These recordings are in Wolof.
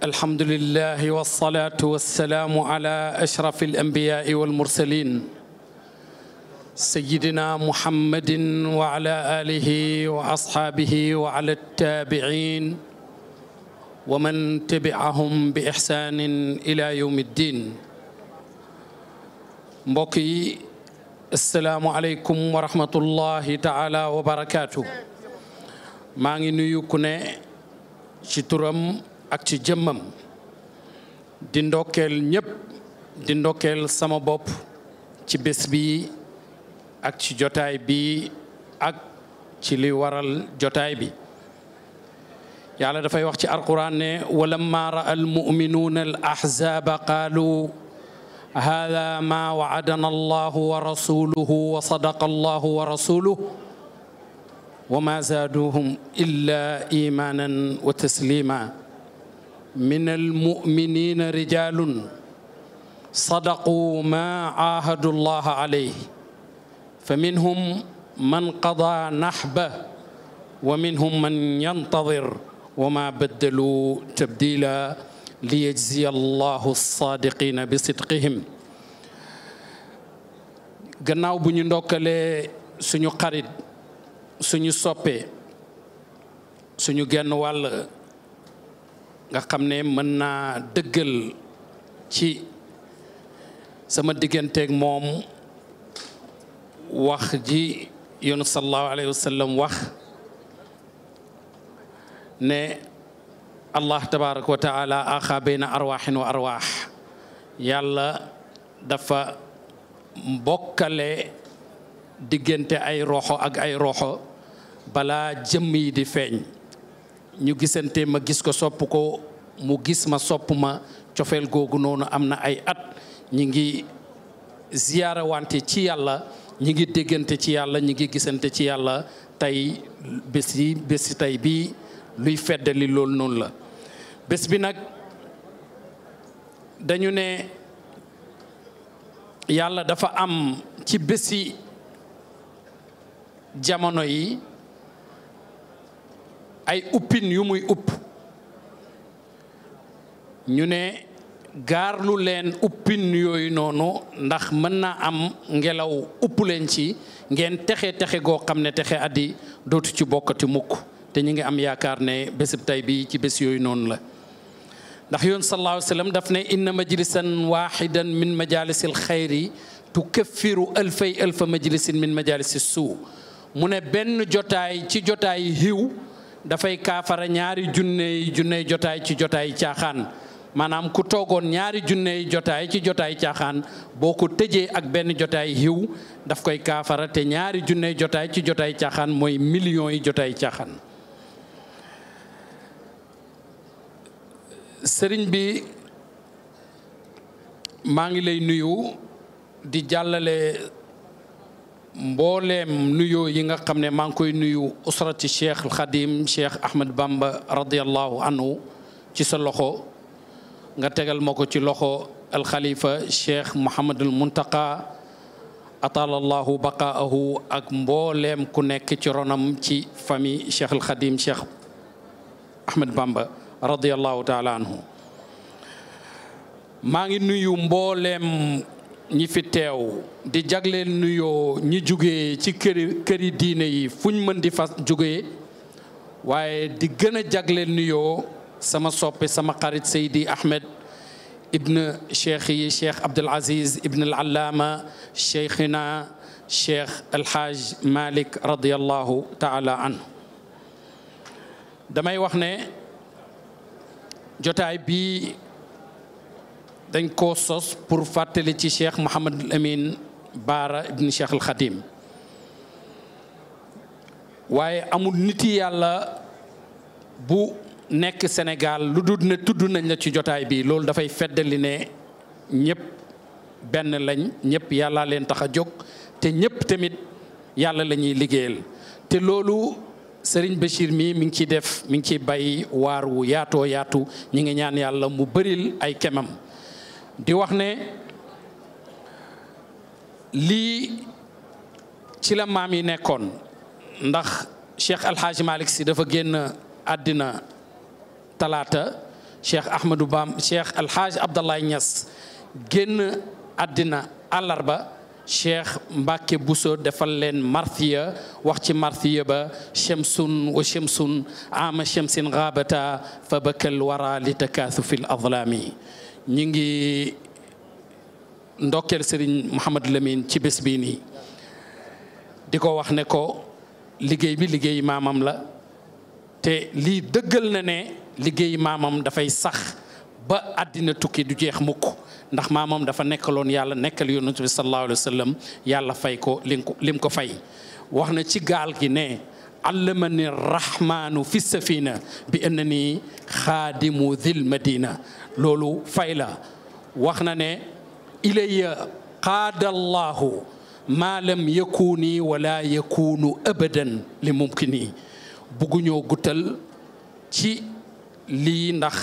الحمد لله والصلاة والسلام على أشرف الأنبياء والمرسلين سيدنا محمد وعلى آله وأصحابه وعلى التابعين ومن تبعهم بإحسان إلى يوم الدين مبقي السلام عليكم ورحمة الله تعالى وبركاته ما نيو كنا ci turam ak ci jëmmam di ndokkeel ñépp di ndokkeel sama bopp ci bés bi ak ci jotaay bi ak ci li waral jotaay bi yàlla dafay wax ci alquran ne walamma ra'a almu'minuuna al ahzaaba qaalu ma waadana allahu wa rasuluhu wa sadaqa allahu wa rasuluhu wa ma zaaduhum illa imaanan wa taslima min almuminina rijalun sadaquu ma aahadu llaha alayh fa minhum man qada nahba wa minhum man yantadir wa ma baddaluu tabdila liyajziya allahu alsaadiqina bi sidqihim gannaaw bu ñu ndokkalee suñu xarit suñu soppe suñu genn wàll nga xam ne mën naa dëggal ci sama digganteeg moom wax ji yoonu sallallahu alayhi wa sallam wax ne allah tabaraka wa taala axa bayna arwaxin wa arwax yàlla dafa mbokkale diggante ay roxo ak ay roxo balaa jëmm yi di feeñ ñu gisante ma gis ko sopp ko mu gis ma sopp ma cofeel googu noonu am na ay at ñi ngi ziyaarawante ci yàlla ñi ngi déggante ci yàlla ñi ngi gisante ci yàlla tey bés yi bési tey bi luy feddali loolu noonu la bés bi nag dañu ne yàlla dafa am ci bési jamono yi ay uppin yu muy upp ñu ne gaarlu leen uppin yooyu noonu ndax mën naa am ngelaw upp leen ci ngeen texe texe goo xam ne texe addi dootu ci bokkati mukk te ñu ngi am yaakaar ne bésib tay bi ci bés yooyu noonu la ndax yoon sallallahu alayhi wa sallam daf ne inna majlisan waxidan min majalisil xayri tukaffiru alfay alfa majlisin min majalisi suu mu ne benn jotaay ci jotaay hiw dafay kaafara ñaari junney junney jotaay ci jotaay caaxaan maanaam ku toogoon ñaari junney jotaay ci jotaay caaxaan boo ko tëjee ak benn jotaay hiw daf koy kaafara te ñaari junney jotaay ci jotaay caaxaan mooy million yi jotaay caaxaan sëriñ bi maa ngi lay nuyu di jàllale mbooleem nuyoo yi nga xam ne maa ngi koy nuyu usrati cheikh alxadim cheikh Ahmed Bamba radiallahu anhu ci sa loxo nga tegal ma ko ci loxo alxalifa cheikh Mouhamadul Muntaqa atalallahu baqaahu ak mbooleem ku nekk ci ronam ci famille cheikh alxadim cheikh Ahmed Bamba radiallahu taala anhu maa ngi nuyu mbooleem ñi fi teew di jagleel nuyoo ñi jugee ci këri këri diine yi fuñ mën di fa jugee waaye di gën a jagleel nuyoo sama soppe sama xarit Seydi Ahmed ibn cheikh yi cheikh Abdul Aziz ibn al Allaama cheikhina cheikh El Hadj Malick radiyallahu taala anhu damay wax ne jotaay bi. dañ koo sos pour fàttali ci cheikh Mouhamadul Amin Baara ibn Cheikh al waaye amul niti yàlla bu nekk senegal lu dul ne tudd nañ la ci jotaay bi loolu dafay feddali ne ñëpp benn lañ ñëpp yàlla leen tax a jóg te ñëpp tamit yàlla la ñuy liggéeyal te loolu Serigne Bachir mii mi ngi ciy def mi ngi ciy bay waar wu yaatoo yaatu ñi ngi ñaan yàlla mu bëril ay kemam. di wax ne lii ci la maam yi nekkoon ndax cheikh alxaaji malik si dafa génn àddina talaata cheikh ahmadou bam cheikh alxaaji abdallahi ñas génn àddina àllarba cheikh mbàkke buso defal leen marthiya wax ci marthiya ba shamsun wa shamsun ama shamsin gaabata fa bakal wara li takaasu fi ñi ngi ndokkeel Serigne Mouhamad Lamine ci bés bii nii di ko wax ne ko liggéey bi liggéey maamam la te lii dëggal na ne liggéey maamam dafay sax ba àddina tukki du jeex mukk ndax maamam dafa nekkaloon yàlla nekkal yonent bi sallallahu alayhi wa yàlla fay ko lim ko lim ko fay wax na ci gaal gi ne allamani rahmaanu fi safina bi annani xaadimu dil madina loolu fay la wax na ne ilaya qaadallahu maa lam yakuni wala yakunu abadan li mumkini bugguñoo guttal ci lii ndax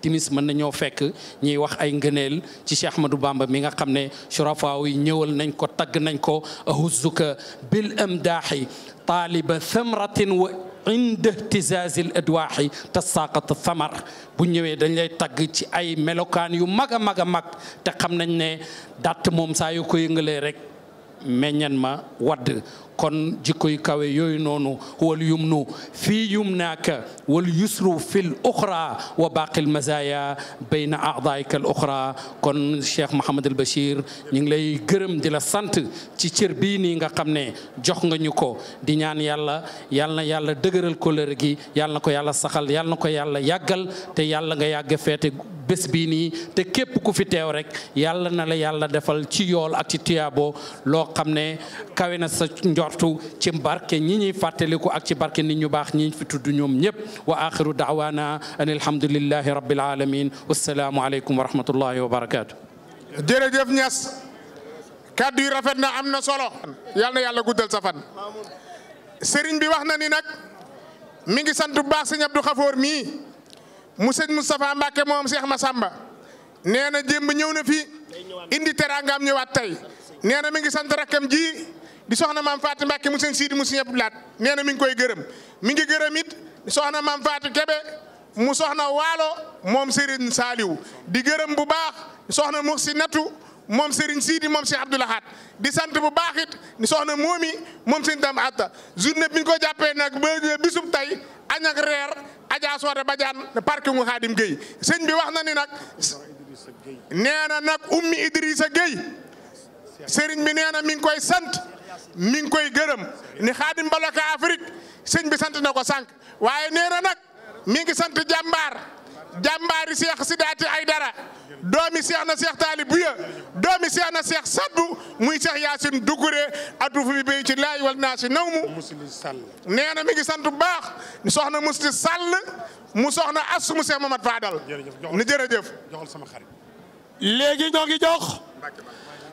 timis mën nañoo fekk ñuy wax ay ngëneel ci Cheikh Ahmadou Bamba mi nga xam ne surafaaw yi ñëwal nañ ko tagg nañ ko ahuzzuka bil amdaaxi taaliba thamratin wa inda ihtizaazil adwaaxi tasaaqat thamar bu ñëwee dañ lay tagg ci ay melokaan yu mag a mag a mag te xam nañ ne datt moom saa yu ko yëngalee rek meññan ma wadd kon jikko yu kawe yooyu noonu wal yumnu fii yumnaaka wal yusru fil uxra wa baaqil mazaaya bayna aadaayka al uxra kon Cheikh Mouhamed El Bachir ñu ngi lay gërëm di la sant ci cër bii nii nga xam ne jox nga ñu ko di ñaan yàlla yàlla na yàlla dëgëral kóllëre gi yàlla ko yàlla saxal yàlla na ko yàlla yàggal te yàlla nga yàgg feete bés bii nii te képp ku fi teew rek yàlla na la yàlla defal ci yool ak ci loo xam ne kawe na sa njort partout ci barke ñi ñuy fàttaliku ak ci barke nit ñu baax ñi fi tudd ñoom ñëpp wa axiru daawaana an alhamdulillahi rabbil alamin wassalaamu aleykum wa rahmatullahi wa barakaatu jërëjëf Niass kàddu yi rafet na am na solo yal na yàlla guddal sa fan sëriñ bi wax na ni nag mi ngi sant bu baax sëñ Abdou Khafour mii mu sëñ Moustapha Mbacke moom seex ma nee na jémb ñëw na fi indi teraangaam ñëwaat tey nee na mi ngi sant rakkam ji di soxna maam Fatou Mbacke mu sëñ Sidi mu sëñ Abdou Lahat nee na koy gërëm mi ngi gërëm it di soxna maam Fatou Kebe mu soxna waalo moom Serigne Saliou di gërëm bu baax soxna Muxsinatu moom Serigne Sidi moom Cheikh Abdou Lahat di sant bu baax it di soxna moomi moom sëñ Dame Atta journée bi ñu ko jàppee nag ba bisub tey añ ak reer Adja Soore Badiane parkingu Xaadim Gueye sëñ bi wax na ni nag nee na nag ummi Idrissa Gueye sëriñ bi nee na mi ngi koy sant. mi koy gërëm ni xaadim balaka Afrique sëñ bi sant na ko sànq waaye nee na nag mi ngi sant jàmbaar jàmbaari seex sidaati ay dara doomi seex na seex taali buya doomi seex na seex saddu muy seex yaasin dugure addu fi bi ci laay wal naa si naw mu nee na mi sant bu baax soxna musti sàll mu soxna as mu seex mamad faadal ni jërëjëf léegi ñoo ngi jox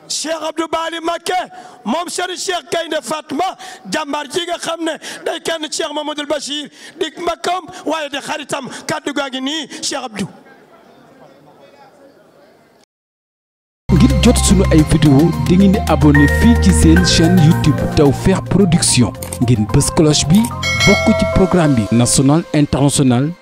cheikh Abdou Bali Mbacké moom Serigne Cheikh Gaynde Fatma jàmbaar ji nga xam ne day kenn cheikh Mamadou Bachir di mbakkam waaye di xaritam kàddu gaa ngi nii cheikh Abdou. ngir jot sunu ay vidéo di ngeen di abonné fii ci seen chaîne YouTube Tawfekh Production ngeen bës cloche bi bokk ci programme bi national international.